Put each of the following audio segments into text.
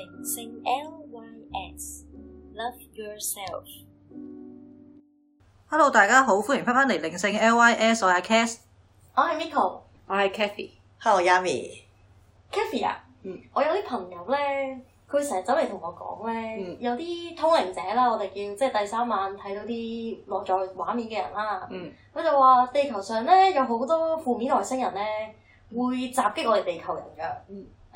L Y S，Love Yourself。Hello，大家好，歡迎翻返嚟靈性 L Y S，我係 c a s h 我係 Miko，我係 Kathy。h e l l o y a m y Kathy 啊，嗯，mm. 我有啲朋友咧，佢成日走嚟同我講咧，mm. 有啲通靈者啦，我哋叫，即、就、係、是、第三晚睇到啲內在畫面嘅人啦，佢、mm. 就話地球上咧有好多負面外星人咧會襲擊我哋地球人嘅，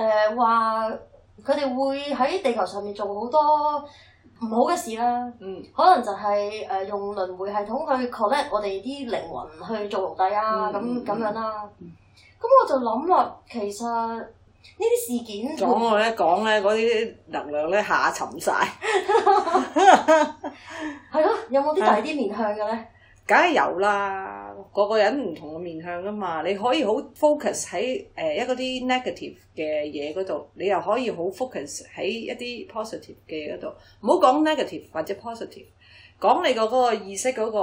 誒話、mm. 呃。佢哋會喺地球上面做多好多唔好嘅事啦，嗯、可能就係、是、誒、呃、用輪迴系統去 control 我哋啲靈魂去做奴隸啊，咁咁、嗯、樣啦、啊。咁、嗯、我就諗落，其實呢啲事件講我咧講咧，啲能量咧下沉晒，係咯，有冇啲大啲面向嘅咧？梗係有啦，個個人唔同嘅面向㗎嘛，你可以好 focus 喺誒一、呃、啲 negative 嘅嘢嗰度，你又可以好 focus 喺一啲 positive 嘅嗰度。唔好講 negative 或者 positive，講你個嗰個意識嗰個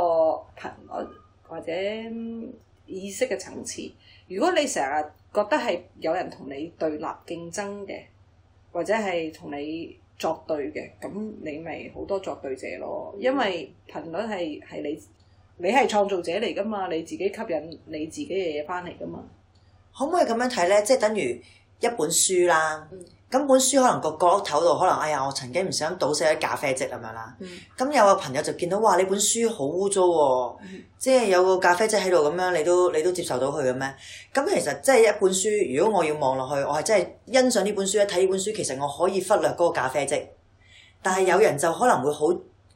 頻率或者、嗯、意識嘅層次。如果你成日覺得係有人同你對立競爭嘅，或者係同你作對嘅，咁你咪好多作對者咯。因為頻率係係你。你係創造者嚟噶嘛？你自己吸引你自己嘅嘢翻嚟噶嘛？可唔可以咁樣睇咧？即係等於一本書啦。咁、嗯、本書可能個角落頭度可能，哎呀，我曾經唔想倒瀉啲咖啡漬咁樣啦。咁、嗯、有個朋友就見到，哇！呢本書好污糟喎，嗯、即係有個咖啡漬喺度咁樣，你都你都接受到佢嘅咩？咁其實即係一本書，如果我要望落去，我係真係欣賞呢本書。一睇呢本書，其實我可以忽略嗰個咖啡漬，但係有人就可能會好，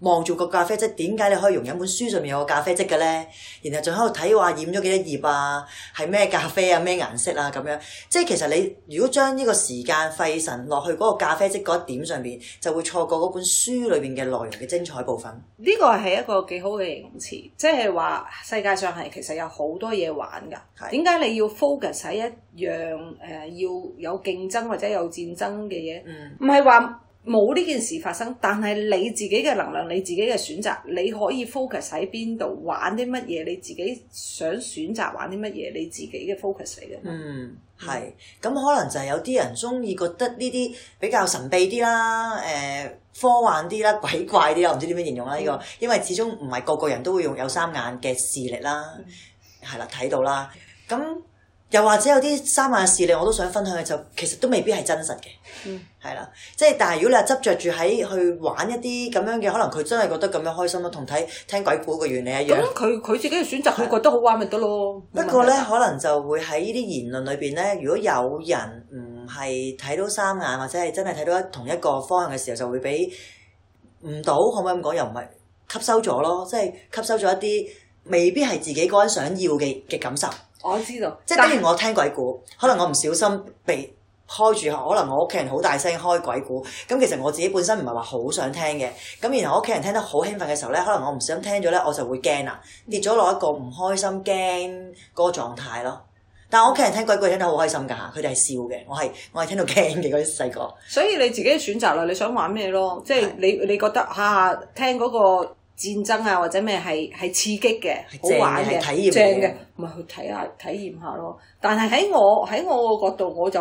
望住個咖啡漬，點解你可以用一本書上面有個咖啡漬嘅咧？然後仲喺度睇話染咗幾多頁啊？係咩咖啡啊？咩顏色啊？咁樣，即其實你如果將呢個時間費神落去嗰個咖啡漬嗰一點上面，就會錯過嗰本書裏邊嘅內容嘅精彩部分。呢個係一個幾好嘅形容詞，即係話世界上係其實有好多嘢玩㗎。點解是你要 focus 喺一樣誒、呃、要有競爭或者有戰爭嘅嘢？唔係話。冇呢件事發生，但係你自己嘅能量，你自己嘅選擇，你可以 focus 喺邊度，玩啲乜嘢，你自己想選擇玩啲乜嘢，你自己嘅 focus 嚟嘅。嗯，係，咁可能就係有啲人中意覺得呢啲比較神秘啲啦，誒、呃，科幻啲啦，鬼怪啲啦，我唔知點樣形容啦呢、嗯呢個，因為始終唔係個個人都會用第三眼嘅視力啦，係啦、嗯，睇到啦，咁。又或者有啲三眼嘅視力，我都想分享嘅就其實都未必係真實嘅，係啦、嗯，即係但係如果你係執着住喺去玩一啲咁樣嘅，可能佢真係覺得咁樣開心咯，同睇聽鬼故嘅原理一樣。佢佢自己嘅選擇，佢覺得好玩咪得咯。的不過咧，可能就會喺呢啲言論裏邊咧，如果有人唔係睇到三眼，或者係真係睇到同一個方向嘅時候，就會俾唔到，可唔可以咁講？又唔係吸收咗咯，即係吸收咗一啲未必係自己個人想要嘅嘅感受。我知道，即係等於我聽鬼故，可能我唔小心被開住，可能我屋企人好大聲開鬼故，咁其實我自己本身唔係話好想聽嘅，咁然後我屋企人聽得好興奮嘅時候咧，可能我唔小心聽咗咧，我就會驚啦，跌咗落一個唔開心驚嗰個狀態咯。但係我屋企人聽鬼故聽得好開心㗎，佢哋係笑嘅，我係我係聽到驚嘅嗰啲細個。所以你自己嘅選擇啦，你想玩咩咯？即係你你覺得下下聽嗰個。戰爭啊，或者咩係係刺激嘅，好玩嘅，正嘅，咪去睇下體驗，體驗下咯。但係喺我喺我個角度，我就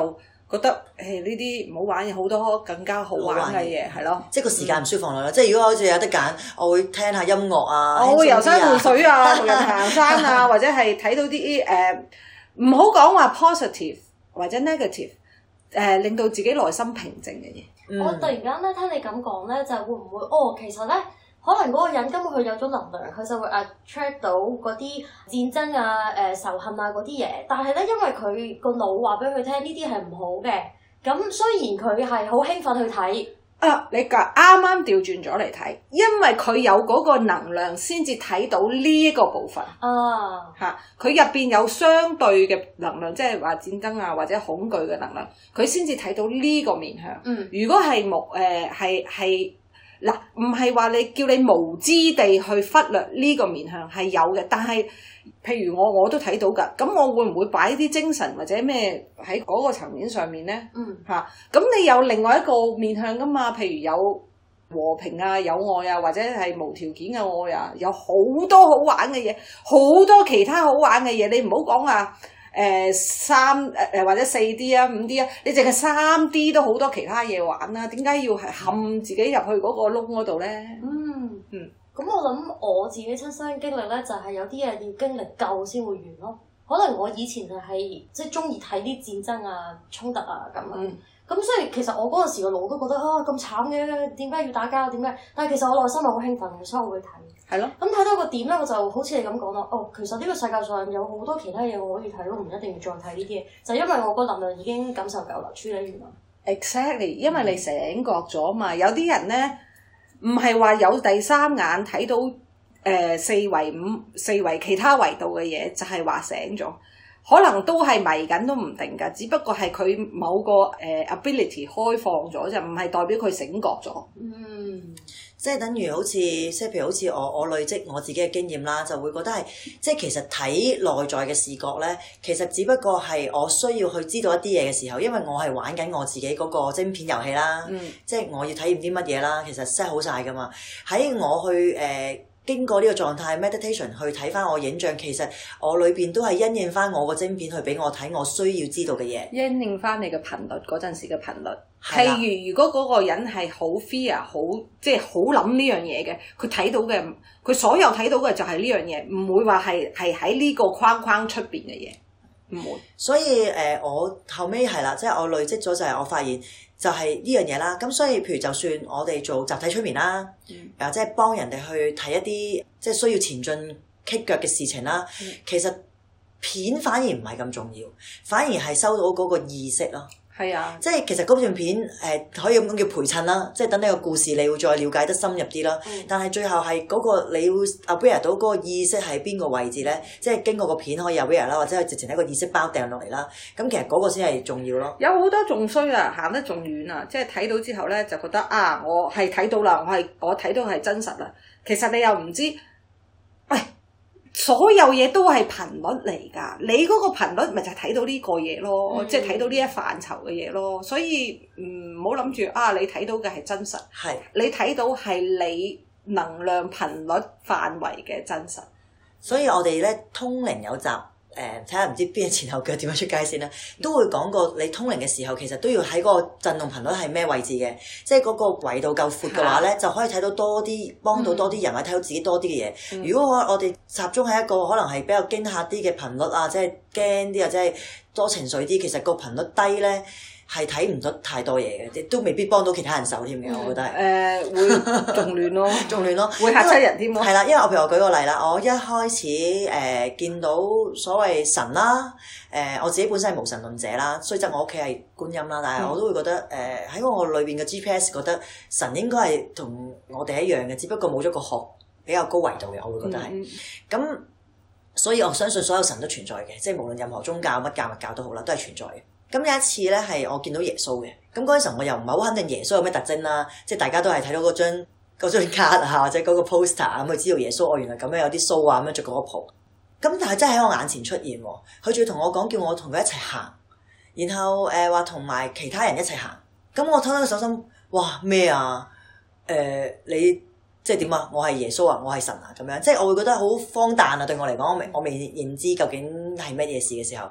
覺得誒呢啲唔好玩嘅，好多更加好玩嘅嘢係咯。煥吧即係個時間唔舒服落啦。嗯、即係如果好似有得揀，我會聽下音樂啊，我會遊山玩水啊，同 人行山啊，或者係睇到啲誒唔好講話 positive 或者 negative 誒、uh，令到自己內心平靜嘅嘢。我突然間咧聽你咁講咧，就會唔會哦，哦？其實咧。 可能嗰個人根本佢有咗能量，佢就會 attract 到嗰啲戰爭啊、誒、呃、仇恨啊嗰啲嘢。但係咧，因為佢個腦話俾佢聽，呢啲係唔好嘅。咁雖然佢係好興奮去睇，啊，你啱啱調轉咗嚟睇，因為佢有嗰個能量，先至睇到呢個部分。啊，嚇、啊！佢入邊有相對嘅能量，即係話戰爭啊或者恐懼嘅能量，佢先至睇到呢個面向。嗯，如果係木誒係係。呃嗱，唔係話你叫你無知地去忽略呢個面向係有嘅，但係譬如我我都睇到㗎，咁我會唔會擺啲精神或者咩喺嗰個層面上面呢？嗯，吓、啊，咁你有另外一個面向㗎嘛？譬如有和平啊、有愛啊，或者係無條件嘅愛啊，有好多好玩嘅嘢，好多其他好玩嘅嘢，你唔好講啊！誒、呃、三誒誒、呃、或者四 D 啊五 D 啊，你淨係三 D 都好多其他嘢玩啦、啊，點解要冚自己入去嗰個窿嗰度咧？嗯。嗯。咁我諗我自己親身經歷咧，就係、是、有啲嘢要經歷夠先會完咯。可能我以前就係即係中意睇啲戰爭啊、衝突啊咁樣。咁、嗯、所以其實我嗰陣時個腦都覺得「啊咁慘嘅，點解要打交？點解？」但係其實我內心係好興奮嘅，所以我會去睇。係咯，咁睇到個點咧，我就好似你咁講咯。哦，其實呢個世界上有好多其他嘢我可以睇到，唔一定要再睇呢啲嘢。就因為我個能量已經感受夠啦，處理完啦。Exactly，因為你醒覺咗嘛，嗯、有啲人咧唔係話有第三眼睇到誒、呃、四維五四維其他維度嘅嘢，就係、是、話醒咗，可能都係迷緊都唔定㗎。只不過係佢某個誒、呃、ability 開放咗就唔係代表佢醒覺咗。嗯。即係等於好似，即譬如好似我我累積我自己嘅經驗啦，就會覺得係，即係其實睇內在嘅視覺咧，其實只不過係我需要去知道一啲嘢嘅時候，因為我係玩緊我自己嗰個晶片遊戲啦，嗯、即係我要體驗啲乜嘢啦，其實 set 好晒㗎嘛，喺我去誒。呃經過呢個狀態 meditation 去睇翻我影像，其實我裏邊都係因應翻我個晶片，去俾我睇我需要知道嘅嘢。因應翻你嘅頻率，嗰陣時嘅頻率。譬如如果嗰個人係好 fear，好即係好諗呢樣嘢嘅，佢睇到嘅佢所有睇到嘅就係呢樣嘢，唔會話係係喺呢個框框出邊嘅嘢。Mm hmm. 所以誒、呃，我後尾係啦，即、就、係、是、我累積咗就係我發現，就係呢樣嘢啦。咁所以，譬如就算我哋做集體催眠啦，啊、mm，即、hmm. 係幫人哋去睇一啲即係需要前進棘腳嘅事情啦，mm hmm. 其實片反而唔係咁重要，反而係收到嗰個意識咯。係啊，即係其實嗰段片誒可以咁叫陪襯啦，即係等呢個故事你會再了解得深入啲啦。嗯、但係最後係嗰個你要 appear 到嗰個意識喺邊個位置咧，即係經過個片可以有 appear 啦，或者係直情喺個意識包掟落嚟啦。咁其實嗰個先係重要咯。有好多仲衰啊，行得仲遠啊，即係睇到之後咧就覺得啊，我係睇到啦，我係我睇到係真實啦。其實你又唔知。所有嘢都係頻率嚟㗎，你嗰個頻率咪就係睇到呢個嘢咯，嗯、即係睇到呢一範疇嘅嘢咯。所以唔好諗住啊，你睇到嘅係真實，係是你睇到係你能量頻率範圍嘅真實。所以我哋咧通靈有集。誒，睇下唔知邊個前後腳點樣出街先啦，都會講過你通靈嘅時候，其實都要喺嗰個震動頻率係咩位置嘅，即係嗰個軌道夠闊嘅話咧，就可以睇到多啲幫到多啲人，或者睇到自己多啲嘅嘢。如果我我哋集中喺一個可能係比較驚嚇啲嘅頻率啊，即係。驚啲啊！即係多情緒啲，其實個頻率低咧，係睇唔到太多嘢嘅，亦都未必幫到其他人手添嘅。我覺得係。誒、嗯呃，會仲亂咯，仲 亂咯，會嚇死人添喎。係啦為，因為我譬如我舉個例啦，我一開始誒、呃、見到所謂神啦，誒、呃、我自己本身係無神論者啦，雖則我屋企係觀音啦，但係我都會覺得誒喺、呃、我裏邊嘅 GPS 覺得神應該係同我哋一樣嘅，只不過冇咗個殼比較高維度嘅，我會覺得係咁。嗯嗯。所以我相信所有神都存在嘅，即係無論任何宗教、乜教、物教都好啦，都係存在嘅。咁有一次咧，係我見到耶穌嘅。咁嗰陣時候我又唔係好肯定耶穌有咩特徵啦，即係大家都係睇到嗰張張卡啊，或者嗰個 poster 啊咁就知道耶穌。我原來咁樣有啲鬚啊，咁樣着嗰個袍。咁但係真係喺我眼前出現，佢仲要同我講，叫我同佢一齊行，然後誒話同埋其他人一齊行。咁我偷偷手心，哇咩啊？誒、呃、你。即係點啊？我係耶穌啊！我係神啊！咁樣即係我會覺得好荒誕啊！對我嚟講，我未我未認知究竟係乜嘢事嘅時候，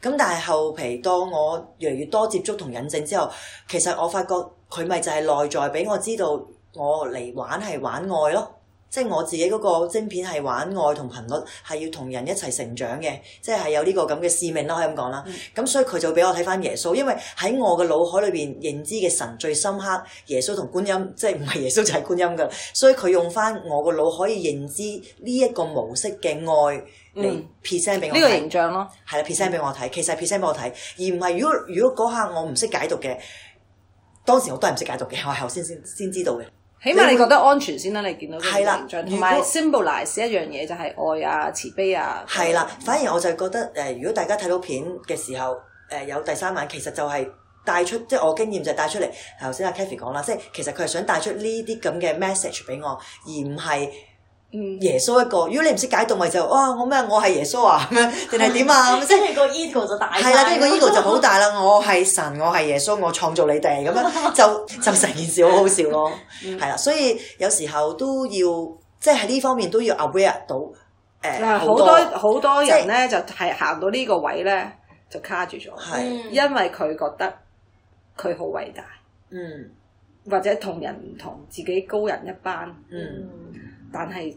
咁但係後期當我越嚟越多接觸同引證之後，其實我發覺佢咪就係內在俾我知道，我嚟玩係玩愛咯。即係我自己嗰個晶片係玩愛同頻率，係要同人一齊成長嘅，即係係有呢個咁嘅使命啦，可以咁講啦。咁、嗯、所以佢就俾我睇翻耶穌，因為喺我嘅腦海裏邊認知嘅神最深刻，耶穌同觀音，即係唔係耶穌就係觀音噶。所以佢用翻我個腦可以認知呢一個模式嘅愛嚟 present 俾我。呢、嗯這個形象咯、啊，係啦 present 俾我睇，其實 present 俾我睇，而唔係如果如果嗰刻我唔識解讀嘅，當時我都係唔識解讀嘅，我後先先先知道嘅。起碼你覺得安全先啦，你,會你見到啲形象，同埋 symbolize 一樣嘢就係愛啊、慈悲啊。係啦，反而我就係覺得誒、呃，如果大家睇到片嘅時候，誒、呃、有第三眼其實就係帶出，即係我經驗就係帶出嚟。頭先阿、啊、Kathy 講啦，即係其實佢係想帶出呢啲咁嘅 message 俾我，而唔係。耶穌一個，如果你唔識解讀咪就是，哦、啊，我咩？我係耶穌啊！咁樣定係點啊？ 即係個 ego 就大、啊。係、這、啦、個，即係個 ego 就好大啦！我係神，我係耶穌，我創造你哋咁樣就，就就成件事好好笑咯、啊。係啦、 嗯啊，所以有時候都要，即係喺呢方面都要 aware 到。誒、呃、好多好多人咧，就係、是、行到呢個位咧，就卡住咗。係是。因為佢覺得佢好偉大。嗯。或者同人唔同，自己高人一班。嗯。但係。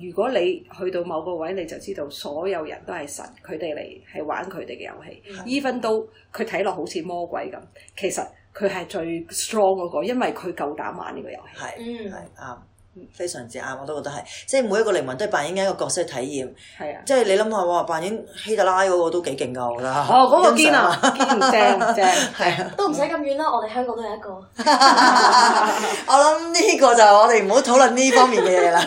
如果你去到某個位，你就知道所有人都係神，佢哋嚟係玩佢哋嘅遊戲。Even 到佢睇落好似魔鬼咁，其實佢係最 strong 嗰個，因為佢夠膽玩呢個遊戲。係，係啊。非常之啱，我都覺得係，即係每一個靈魂都係扮演一個角色嘅體驗。係啊。即係你諗下喎，扮演希特拉嗰個都幾勁㗎，我覺得。哦，嗰個堅啊，堅唔堅？正唔正？係啊。都唔使咁遠啦，我哋香港都有一個。我諗呢個就我哋唔好討論呢方面嘅嘢啦。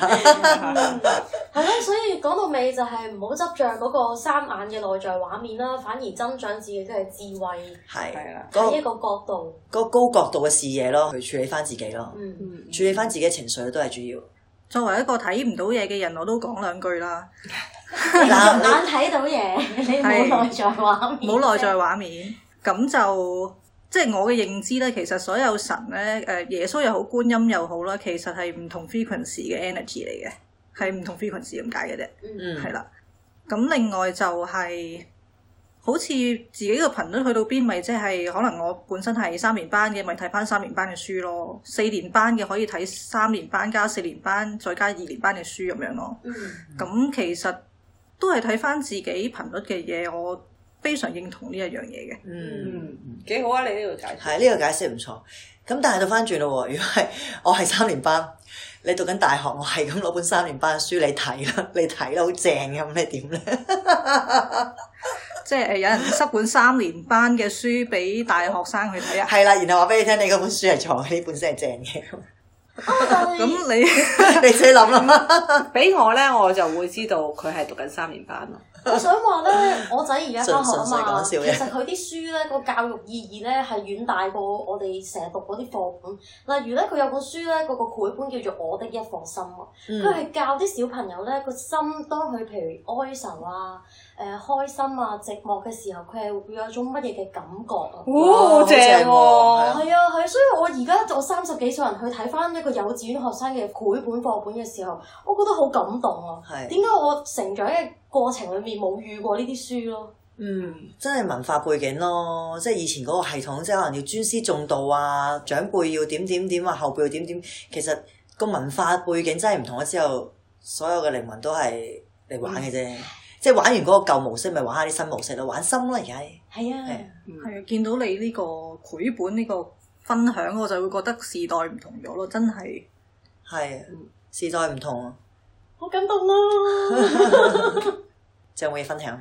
係咯，所以講到尾就係唔好執着嗰個三眼嘅內在畫面啦，反而增長自己嘅智慧係啦，喺一個角度。個高角度嘅視野咯，去處理翻自己咯，處理翻自己嘅情緒都係主。作為一個睇唔到嘢嘅人，我都講兩句啦 是。你用眼睇到嘢，你冇內在畫面，冇內在畫面，咁就即係我嘅認知咧。其實所有神咧，誒、呃、耶穌又好，觀音又好啦，其實係唔同 frequency 嘅 energy 嚟嘅，係唔同 frequency 咁解嘅啫。嗯，係啦。咁另外就係、是。好似自己個頻率去到邊，咪即係可能我本身係三年班嘅，咪睇翻三年班嘅書咯。四年班嘅可以睇三年班加四年班再加二年班嘅書咁樣咯。咁、嗯、其實都係睇翻自己頻率嘅嘢，我非常認同呢一樣嘢嘅。嗯，幾好啊！你呢個解釋係呢、 呢個解釋唔錯。咁但係到翻轉咯，如果係我係三年班，你讀緊大學，我係咁攞本三年班嘅書你睇啦，你睇啦，好正咁，你點咧？ 即係有人塞本三年班嘅書畀大學生去睇啊、 嗯！係啦，然後話畀你聽，你嗰本書係錯，呢本書係正嘅。 咁你你自己諗啦。俾、啊、但 我咧，我就會知道佢係讀緊三年班咯。我想話咧， 我仔而家翻學啊嘛。隨隨隨其實佢啲書咧個教育意義咧係遠大過我哋成日讀嗰啲課本。例如咧，佢有本書咧，嗰、那個繪本叫做《我的一顆心》，佢係、嗯、教啲小朋友咧個心當，當佢譬如哀愁啊、誒、呃、開心啊、寂寞嘅時候，佢係會有一種乜嘢嘅感覺哇哇啊？好正喎！係啊，係、啊啊。所以我而家就三十幾歲人去睇翻。一個幼稚園學生嘅繪本課本嘅時候，我覺得好感動啊！點解是我成長嘅過程裏面冇遇過呢啲書咯？嗯，真係文化背景咯，即係以前嗰個系統，即係可能要尊師重道啊，長輩要點點點啊，後輩要點點，其實個文化背景真係唔同咗之後，所有嘅靈魂都係嚟玩嘅啫、嗯，即係玩完嗰個舊模式，咪玩下啲新模式咯，玩深咯而家。係啊，係啊，見、嗯啊、到你呢個繪本呢個。這個分享，我就會覺得時代唔同咗咯，真係係、啊嗯、時代唔同啊，好感動啊！仲有冇嘢分享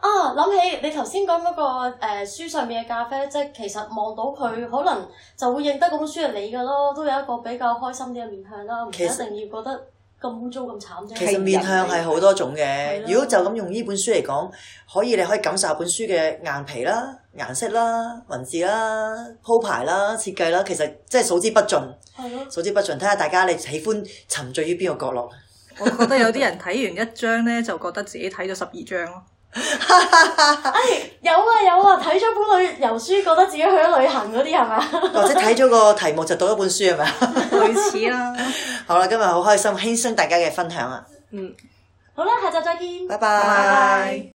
啊？諗起你頭先講嗰個誒、呃、書上面嘅咖啡，即係其實望到佢可能就會認得嗰本書係你噶咯，都有一個比較開心啲嘅面向啦，唔一定要覺得咁糟咁慘啫。其實，其實面向係好多種嘅，如果就咁用呢本書嚟講，可以你可，可，可以感受下本書嘅硬皮啦。顏色啦、文字啦、鋪排啦、設計啦，其實即係數之不盡，的數之不盡，睇下大家你喜歡沉醉於邊個角落。我覺得有啲人睇完一張咧，就覺得自己睇咗十二張咯、 哎。有啊有啊，睇咗本旅遊書，覺得自己去咗旅行嗰啲係咪？或者睇咗個題目就讀咗本書係咪啊？類似啦。好啦，今日好開心，輕鬆大家嘅分享啊！嗯，好啦，下集再見。拜拜 Bye bye。